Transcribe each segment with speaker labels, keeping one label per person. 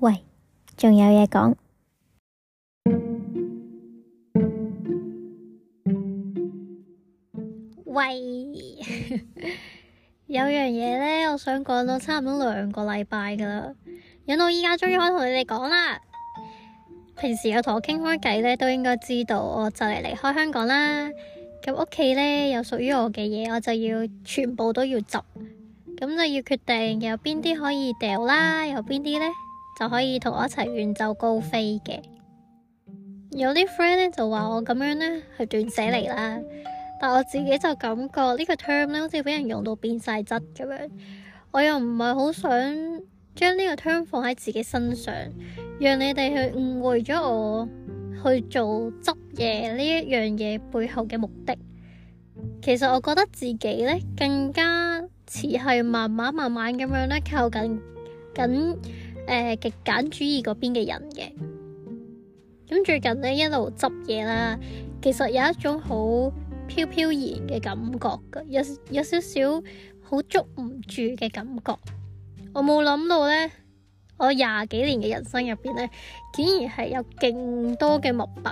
Speaker 1: 喂，仲 有嘢講喂，有樣嘢咧，我想講到差唔多兩個禮拜噶啦，忍到而家終於可以同你哋講啦。平時有同我傾開偈咧，都應該知道我就嚟離開香港啦。咁屋企咧有屬於我嘅嘢，我就要全部都要執，咁就要決定有邊啲可以掉啦，有邊啲咧？就可以同我一齊遠走高飛嘅。有啲 friend 咧就話我咁樣咧係斷捨離啦，但我自己就感覺呢個 term 咧好似俾人用到變晒質咁樣，我又唔係好想將呢個 term 放喺自己身上，讓你哋去誤會咗我去做執嘢呢一樣嘢背後嘅目的。其實我覺得自己咧更加似係慢慢慢慢咁樣咧靠近緊。誒、呃、極簡主義嗰邊嘅人嘅，咁、嗯、最近咧一路執嘢啦，其實有一種好飄飄然嘅感覺，噶有有少少好捉唔住嘅感覺。我冇諗到呢，我廿幾年嘅人生入邊呢，竟然係有勁多嘅物品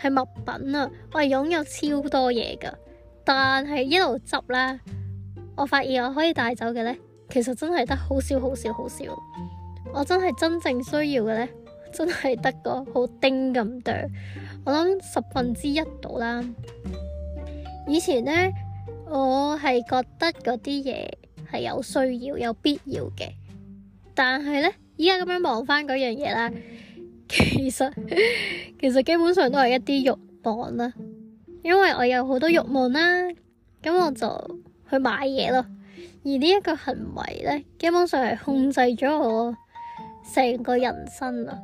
Speaker 1: 係物品啊！我係擁有超多嘢㗎，但係一路執啦，我發現我可以帶走嘅呢，其實真係得好少、好少、好少。我真係真正需要嘅咧，真係得個好丁咁多。我諗十分之一度啦。以前咧，我係覺得嗰啲嘢係有需要、有必要嘅。但係咧，而家咁樣望翻嗰樣嘢啦，其實其實基本上都係一啲欲望啦。因為我有好多欲望啦，咁我就去買嘢咯。而呢一個行為咧，基本上係控制咗我。成個人生啊，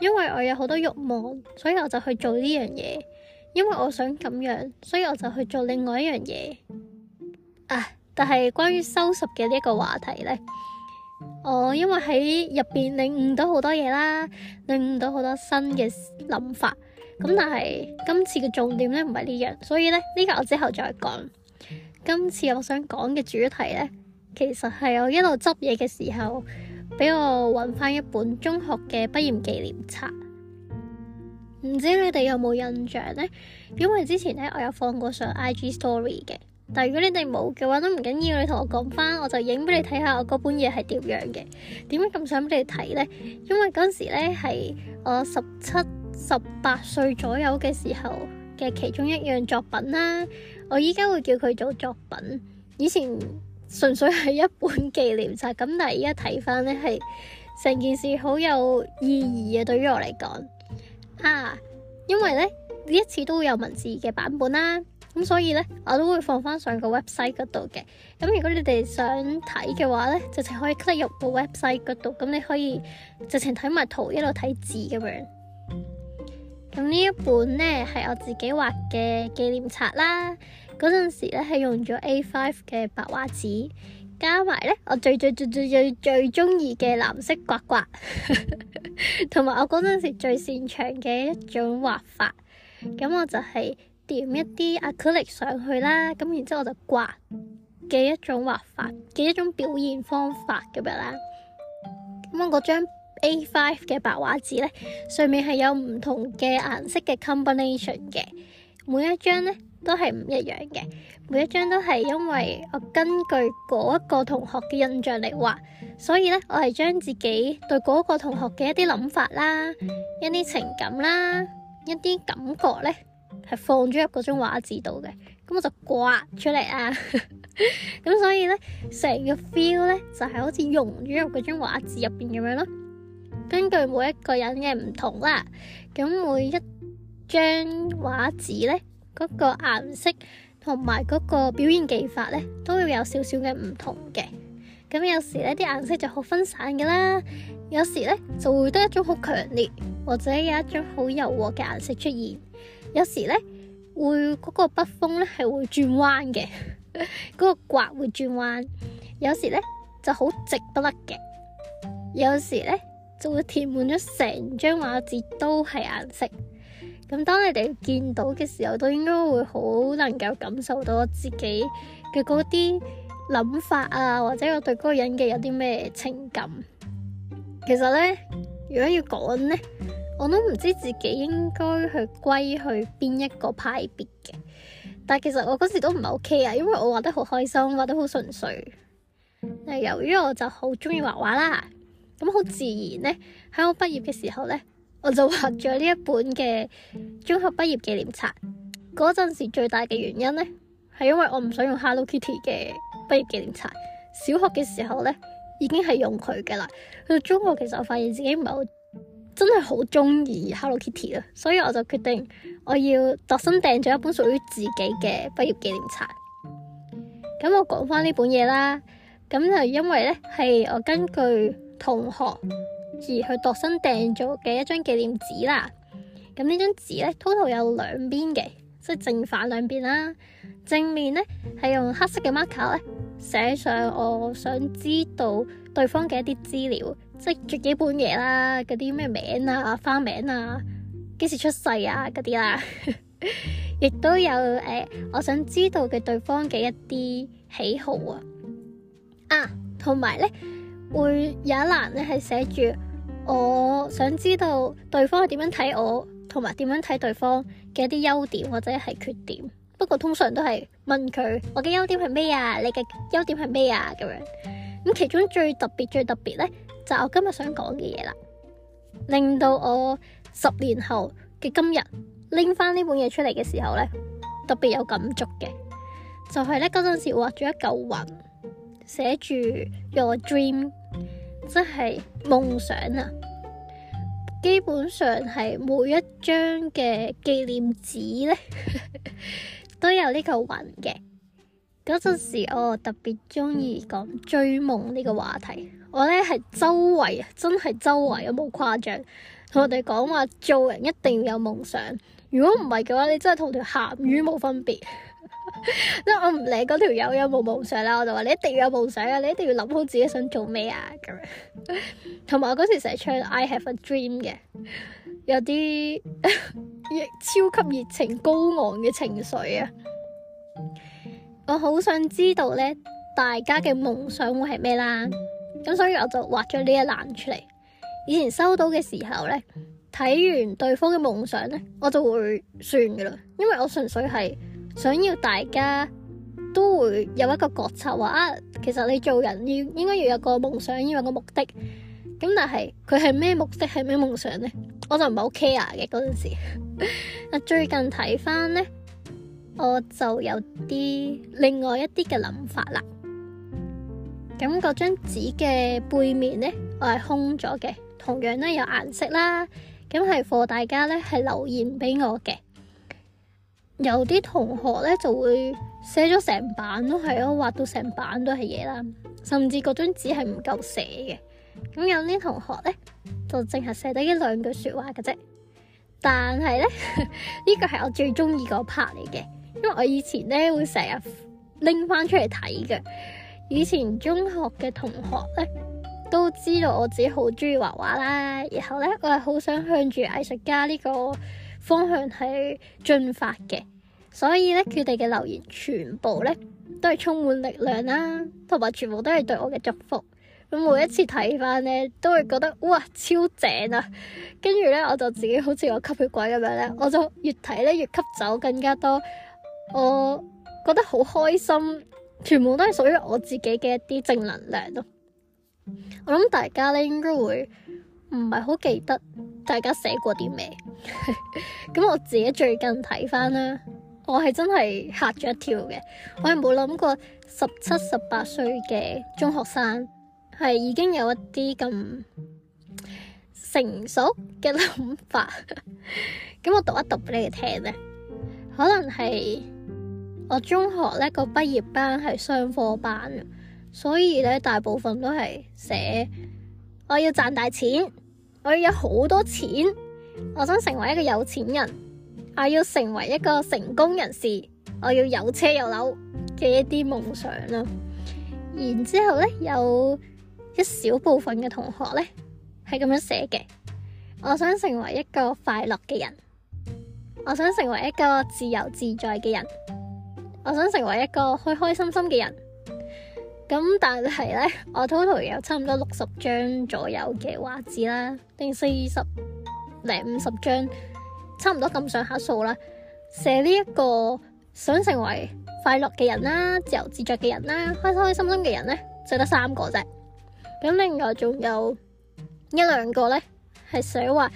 Speaker 1: 因為我有好多慾望，所以我就去做呢樣嘢。因為我想咁樣，所以我就去做另外一樣嘢。啊，但係關於收拾嘅呢個話題呢，我因為喺入邊領悟到好多嘢啦，領悟到好多新嘅諗法。咁但係今次嘅重點呢，唔係呢樣，所以呢，呢個我之後再講。今次我想講嘅主題呢，其實係我一路執嘢嘅時候。俾我揾翻一本中學嘅畢業紀念冊，唔知你哋有冇印象呢？因為之前咧我有放過上 IG Story 嘅，但係如果你哋冇嘅話都唔緊要，你同我講翻，我就影俾你睇下我嗰本嘢係點樣嘅。點解咁想俾你睇呢？因為嗰時咧係我十七、十八歲左右嘅時候嘅其中一樣作品啦。我依家會叫佢做作品，以前。純粹係一本紀念冊咁，但係而家睇翻咧，係成件事好有意義嘅對於我嚟講啊！因為咧呢一次都會有文字嘅版本啦、啊，咁所以咧我都會放翻上個 website 嗰度嘅。咁如果你哋想睇嘅話咧，直情可以 click 入個 website 嗰度，咁你可以直情睇埋圖一路睇字咁樣。咁呢一本咧係我自己畫嘅紀念冊啦。嗰陣時咧，係用咗 A5 嘅白畫紙，加埋咧我最最最最最最中意嘅藍色刮刮，同 埋我嗰陣時最擅長嘅一種畫法。咁我就係點一啲 acrylic 上去啦，咁然之後我就刮嘅一種畫法嘅一種表現方法咁樣啦。咁我嗰張 A5 嘅白畫紙咧，上面係有唔同嘅顏色嘅 combination 嘅，每一張咧。都係唔一樣嘅，每一張都係因為我根據嗰一個同學嘅印象嚟畫，所以咧我係將自己對嗰個同學嘅一啲諗法啦、一啲情感啦、一啲感覺咧係放咗入嗰張畫紙度嘅，咁我就刮出嚟啊，咁 所以咧成個 feel 咧就係、是、好似融咗入嗰張畫紙入邊咁樣咯。根據每一個人嘅唔同啦，咁每一張畫紙咧，嗰個顏色同埋嗰個表現技法咧,都會有少少嘅唔同嘅。咁有時咧啲顏色就好分散㗎啦，有時咧就會得一種好強烈，或者有一種好柔和嘅顏色出現。有時咧會嗰、那個筆鋒咧係會轉彎嘅，嗰 個刮會轉彎。有時咧就好直不甩嘅，有時咧就會填滿咗成張畫紙都係顏色。咁當你哋見到嘅時候，都應該會好能夠感受到自己嘅嗰啲諗法啊，或者我對嗰個人嘅有啲咩情感。其實呢，如果要講呢，我都唔知自己應該去歸去邊一個派別嘅。但係其實我嗰時都唔係 OK 啊，因為我畫得好開心，畫得好純粹。但係由於我就好鍾意畫畫啦，咁好自然呢，喺我畢業嘅時候呢。我就畫咗呢一本嘅中學畢業紀念冊。嗰陣時最大嘅原因呢，係因為我唔想用 Hello Kitty 嘅畢業紀念冊。小學嘅時候呢，已經係用佢噶啦。去到中學，其實我發現自己唔係好，真係好中意 Hello Kitty 啦。所以我就決定我要度身訂咗一本屬於自己嘅畢業紀念冊。咁我講翻呢本嘢啦，咁就因為呢，係我根據同學。而去度身訂做嘅一張紀念紙啦，咁呢張紙咧 total 有兩邊嘅，即係正反兩邊啦。正面咧係用黑色嘅 marker 咧寫上我想知道對方嘅一啲資料，即係自己本嘢，幾本嘢啦，嗰啲咩名啊、花名啊、幾時出世啊嗰啲啦，亦 都有誒、呃，我想知道嘅對方嘅一啲喜好啊，啊，同埋咧會有一欄咧係寫住。我想知道對方係點樣睇我，同埋點樣睇對方嘅一啲優點或者係缺點。不過通常都係問佢我嘅優點係咩啊，你嘅優點係咩啊咁樣。咁其中最特別最特別咧，就係我今日想講嘅嘢啦，令到我十年後嘅今日拎翻呢本嘢出嚟嘅時候咧，特別有感觸嘅，就係咧嗰陣時畫咗一嚿雲，寫住 Your Dream。即係夢想啊！基本上係每一張嘅紀念紙咧， 都有呢個欄嘅。嗰陣時我特別中意講追夢呢個話題。我咧係周圍真係周圍，有冇誇張？同我哋講話做人一定要有夢想，如果唔係嘅話，你真係同條咸魚冇分別。即 我唔理嗰條友有冇夢想啦，我就話你一定要有夢想啊，你一定要諗好自己想做咩啊，咁樣同埋 我嗰時成日唱《I Have a Dream》嘅，有啲 超級熱情高昂嘅情緒啊。我好想知道咧，大家嘅夢想會係咩啦？咁所以我就畫咗呢一欄出嚟。以前收到嘅時候咧，睇完對方嘅夢想咧，我就會算噶啦，因為我純粹係。想要大家都會有一個覺察，話啊，其實你做人要應該要有個夢想，要有個目的。咁但係佢係咩目的，係咩夢想呢？我就唔係好 care 嘅嗰陣時。 最近睇返呢，我就有啲另外一啲嘅諗法啦。咁嗰張紙嘅背面呢，我係空咗嘅，同樣呢有顏色啦。咁係課大家呢係留言俾我嘅。有啲同學咧就會寫咗成版都係咯，畫到成版都係嘢啦，甚至嗰張紙係唔夠寫嘅。咁有啲同學咧就淨係寫得一兩句説話嘅啫。但係咧，呢個係我最中意個 part 嚟嘅，因為我以前咧會成日拎翻出嚟睇嘅。以前中學嘅同學咧都知道我自己好中意畫畫啦，然後咧我係好想向住藝術家呢個方向去進發嘅。所以咧，佢哋嘅留言全部咧都係充滿力量啦，啊，同埋全部都係對我嘅祝福。咁每一次睇翻咧，都會覺得哇超正啊！跟住咧，我就自己好似個吸血鬼咁樣咧，我就越睇咧越吸走更加多。我覺得好開心，全部都係屬於我自己嘅一啲正能量咯，啊。我諗大家咧應該會唔係好記得大家寫過啲咩。咁 我自己最近睇翻啦。我係真係吓咗一跳嘅，我係冇諗過十七十八歲嘅中學生係已經有一啲咁成熟嘅諗法。咁 我讀一讀俾你哋聽咧，可能係我中學咧個畢業班係雙科班，所以咧大部分都係寫我要賺大錢，我要有好多錢，我想成為一個有錢人。我要成為一個成功人士，我要有車有樓嘅一啲夢想啊。然之後呢，有一小部分嘅同學咧係咁樣寫嘅：我想成為一個快樂嘅人，我想成為一個自由自在嘅人，我想成為一個開開心心嘅人。咁但係咧，我 total 有差唔多六十張左右嘅畫紙啦，定四十、五十張。差唔多咁上下數啦。寫呢一個想成為快樂嘅人啦，自由自在嘅人啦，開開心心嘅人咧，寫得三個啫。咁另外仲有一兩個咧，係想話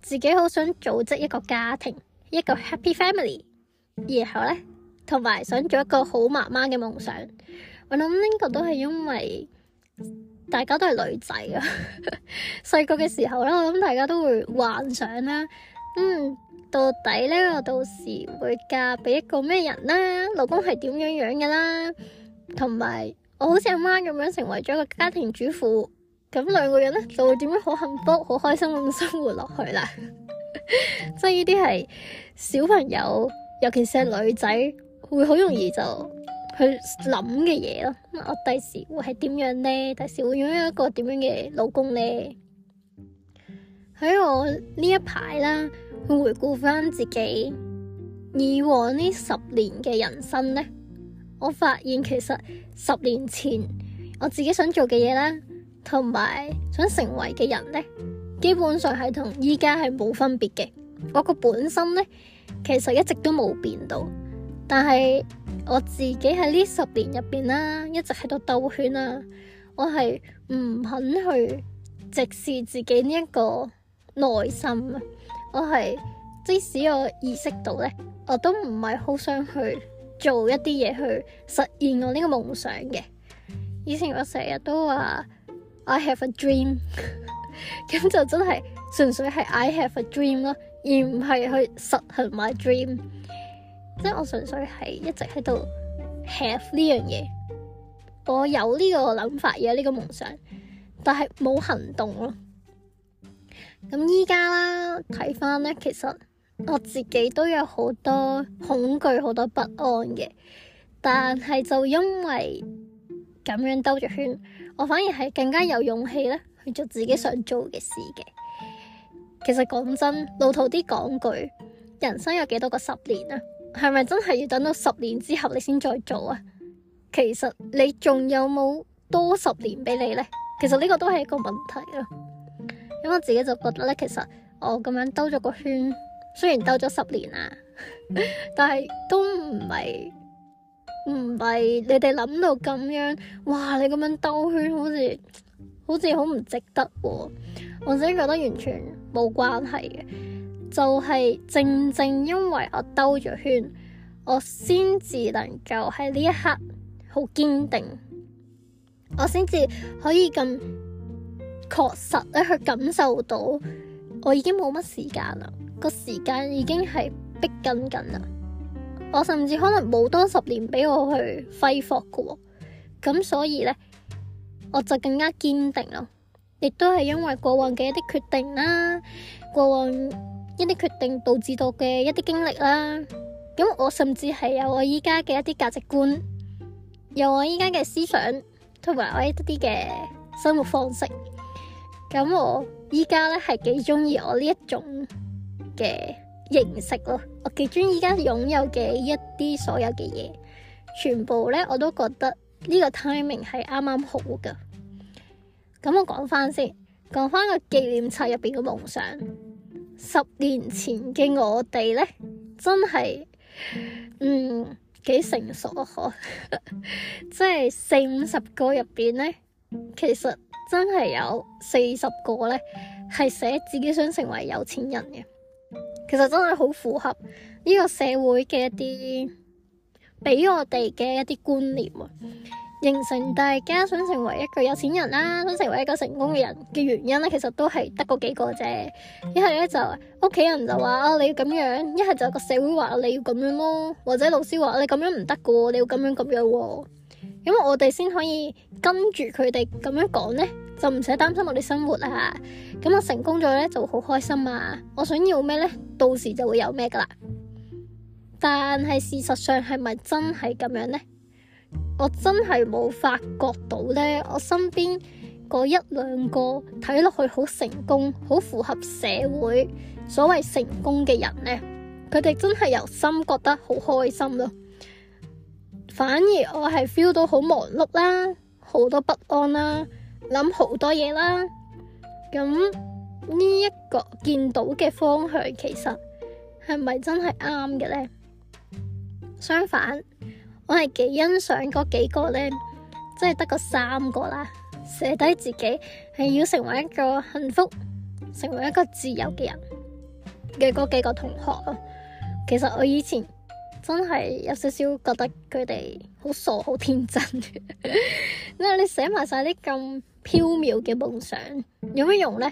Speaker 1: 自己好想組織一個家庭，一個 happy family。然後咧，同埋想做一個好媽媽嘅夢想。我諗呢個都係因為大家都係女仔啊，細個嘅時候咧，我諗大家都會幻想啦。嗯，到底咧我到時會嫁俾一個咩人啦？老公係點樣樣嘅啦？同埋我好似阿媽咁樣成為咗一個家庭主婦，咁兩個人咧就會點樣好幸福、好開心咁生活落去啦。即係呢啲係小朋友，尤其是女仔，會好容易就去諗嘅嘢咯。我第時會係點樣咧？第時會擁有一個點樣嘅老公咧？喺我這一呢一排啦，去回顧翻自己以往呢十年嘅人生呢，我發現其實十年前我自己想做嘅嘢咧，同埋想成為嘅人呢，基本上係同依家係冇分別嘅。我個本心呢，其實一直都冇變到，但係我自己喺呢十年入邊啦，一直喺度兜圈啦，我係唔肯去直視自己呢、這、一個。內心啊，我係，即使我意識到咧，我都唔係好想去做一啲嘢，去實現我呢個夢想嘅。以前我成日都話 I have a dream，咁 就真係純粹係 I have a dream 咯，而唔係去實行 my dream。即係我純粹係一直喺度 have 呢樣嘢，我有呢個諗法，有呢個夢想，但係冇行動咯。咁依家啦，睇翻咧，其實我自己都有好多恐懼，好多不安嘅。但係就因為咁樣兜住圈，我反而係更加有勇氣咧，去做自己想做嘅事嘅。其實講真，老土啲講句，人生有幾多個十年啊？係咪真係要等到十年之後你先再做啊？其實你仲有冇多十年俾你咧？其實呢個都係一個問題啦，啊。咁我自己就覺得咧，其實我咁樣兜咗個圈，雖然兜咗十年啦， 但係都唔係唔係你哋諗到咁樣，哇！你咁樣兜圈好似好似好唔值得喎，我自己覺得完全冇關係嘅，就係正正因為我兜咗圈，我先至能夠喺呢一刻好堅定，我先至可以咁。確實咧，去感受到我已經冇乜時間啦，個時間已經係逼緊緊啦。我甚至可能冇多十年俾我去揮霍噶，咁所以咧，我就更加堅定啦。亦都係因為過往嘅一啲決定啦，過往一啲決定導致到嘅一啲經歷啦，咁、嗯、我甚至係有我依家嘅一啲價值觀，有我依家嘅思想同埋我一啲嘅生活方式。咁我依家咧，係幾中意我呢一種嘅形式咯，我幾中意依家擁有嘅一啲所有嘅嘢，全部咧我都覺得呢個 timing 係啱啱好噶。咁我講翻先，講翻個紀念冊入面嘅夢想，十年前嘅我哋呢，真係，嗯，幾成熟啊，即係 四五十個入面呢，其實。真係有四十個咧，係寫自己想成為有錢人嘅。其實真係好符合呢個社會嘅一啲俾我哋嘅一啲觀念啊！形成大家想成為一個有錢人啦，啊，想成為一個成功嘅人嘅原因咧，其實都係得嗰幾個啫。一係咧就屋企人就話，啊，你要咁樣；一係就個社會話你要咁樣咯，或者老師話你咁樣唔得噶，你要咁樣咁樣。咁我哋先可以跟住佢哋咁樣講咧。就唔使擔心我哋生活啦！咁我成功咗咧，就好開心啊！我想要咩咧，到時就會有咩噶啦。但係事實上係咪真係咁樣呢？我真係冇發覺到呢。我身邊嗰一兩個睇落去好成功、好符合社會所謂成功嘅人呢，佢哋真係由心覺得好開心咯。反而我係 feel 到好忙碌啦，好多不安啦。諗好多嘢啦，咁呢一個見到嘅方向，其實係咪真係啱嘅咧？相反，我係幾欣賞嗰幾個呢，真係得嗰三個啦，捨低自己，係要成為一個幸福、成為一個自由嘅人嘅嗰幾個同學。其實我以前。真係有少少覺得佢哋好傻，好天真。 你寫埋晒啲咁縹緲嘅夢想，有咩用咧？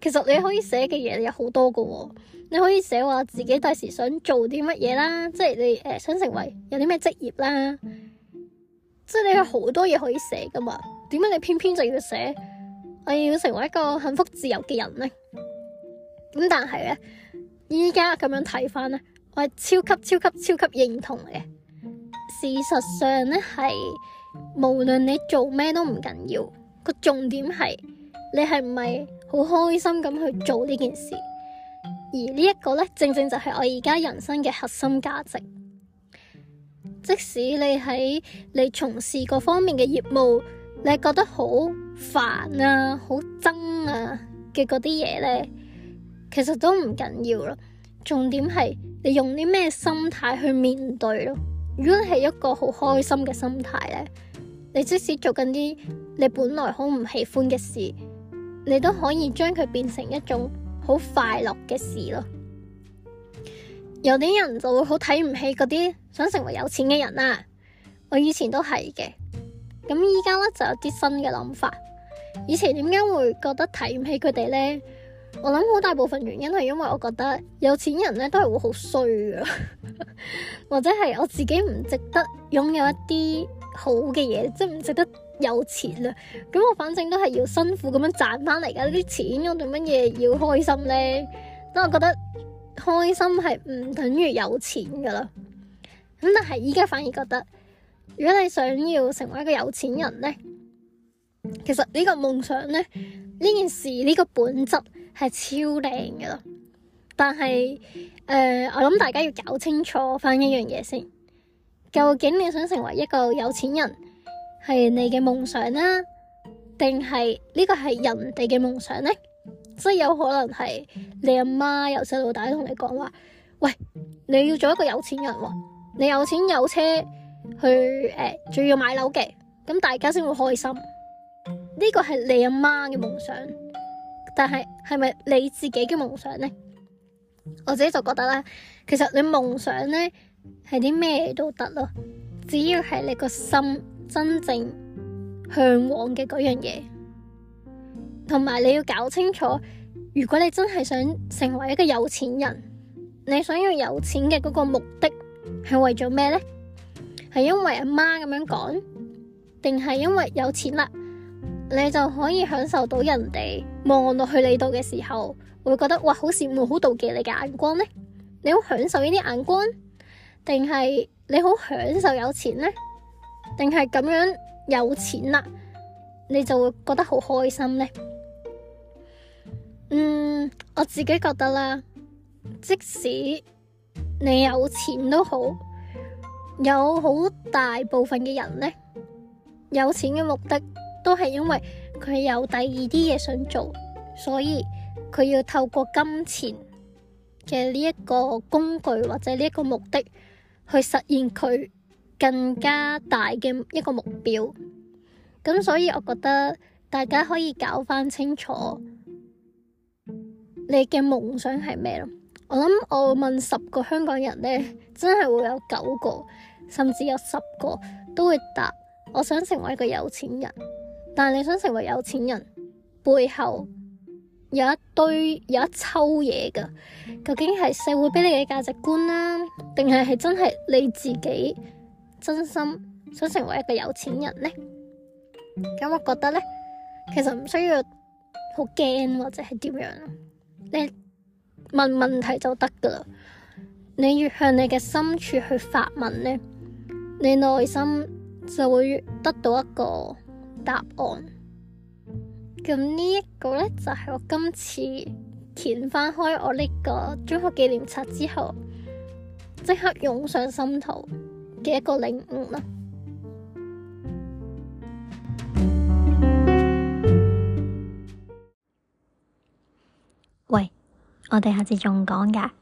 Speaker 1: 其實你可以寫嘅嘢有好多噶喎，你可以寫話自己第時想做啲乜嘢啦，即係你誒想成為有啲咩職業啦，即係你有好多嘢可以寫噶嘛？點解你偏偏就要寫我要成為一個幸福自由嘅人咧？咁但係咧，而家咁樣睇翻咧。我係超級超級超級認同嘅。事實上呢，係無論你做咩都唔緊要，個重點係你係唔係好開心咁去做呢件事。而呢一個呢，正正就係我而家人生嘅核心價值。即使你喺你從事各方面嘅業務，你覺得好煩啊、好憎啊嘅嗰啲嘢呢，其實都唔緊要咯。重點係你用啲咩心態去面對咯。如果你係一個好開心嘅心態咧，你即使做緊啲你本來好唔喜歡嘅事，你都可以將佢變成一種好快樂嘅事咯。有啲人就會好睇唔起嗰啲想成為有錢嘅人啦。我以前都係嘅，咁依家咧就有啲新嘅諗法。以前點解會覺得睇唔起佢哋咧？我諗好大部分原因係因為我覺得有錢人咧都係會好衰噶，或者係我自己唔值得擁有一啲好嘅嘢，即係唔值得有錢啦。咁我反正都係要辛苦咁樣賺翻嚟噶啲錢，我做乜嘢要開心咧？咁我覺得開心係唔等於有錢噶啦。咁但係依家反而覺得，如果你想要成為一個有錢人咧，其實呢個夢想咧，呢件事呢個本質。係超靚嘅咯，但係誒、呃，我諗大家要搞清楚翻一樣嘢先，究竟你想成為一個有錢人，係你嘅夢想啦，定係呢個係人哋嘅夢想呢？即係、就是、有可能係你阿媽由細到大同你講話，喂，你要做一個有錢人，你有錢有車去誒，仲、呃、要買樓嘅，咁大家先會開心。呢個係你阿媽嘅夢想。但係係咪你自己嘅夢想呢？我自己就覺得啦，其實你夢想呢係啲咩都得咯，只要係你個心真正向往嘅嗰樣嘢，同埋你要搞清楚，如果你真係想成為一個有錢人，你想要有錢嘅嗰個目的係為咗咩呢？係因為阿媽咁樣講，定係因為有錢啦？你就可以享受到人哋望落去你度嘅時候，會覺得哇，好羨慕，好妒忌你嘅眼光呢！你好享受呢啲眼光，定係你好享受有錢呢？定係咁樣有錢啦、啊，你就會覺得好開心呢？嗯，我自己覺得啦，即使你有錢都好，有好大部分嘅人呢，有錢嘅目的。都係因為佢有第二啲嘢想做，所以佢要透過金錢嘅呢一個工具或者呢一個目的去實現佢更加大嘅一個目標。咁所以我覺得大家可以搞翻清楚你嘅夢想係咩咯。我諗我問十個香港人呢，真係會有九個甚至有十個都會答，我想成為一個有錢人。但係你想成為有錢人，背後有一堆有一抽嘢噶。究竟係社會畀你嘅價值觀啦、啊，定係係真係你自己真心想成為一個有錢人呢？咁我覺得咧，其實唔需要好驚或者係點樣。你問問題就得噶啦。你越向你嘅深處去發問咧，你內心就會得到一個。答案。咁呢一個咧，就係我今次填翻開我呢個中學紀念冊之後，即刻湧上心頭嘅一個領悟啦。喂，我哋下次仲講噶。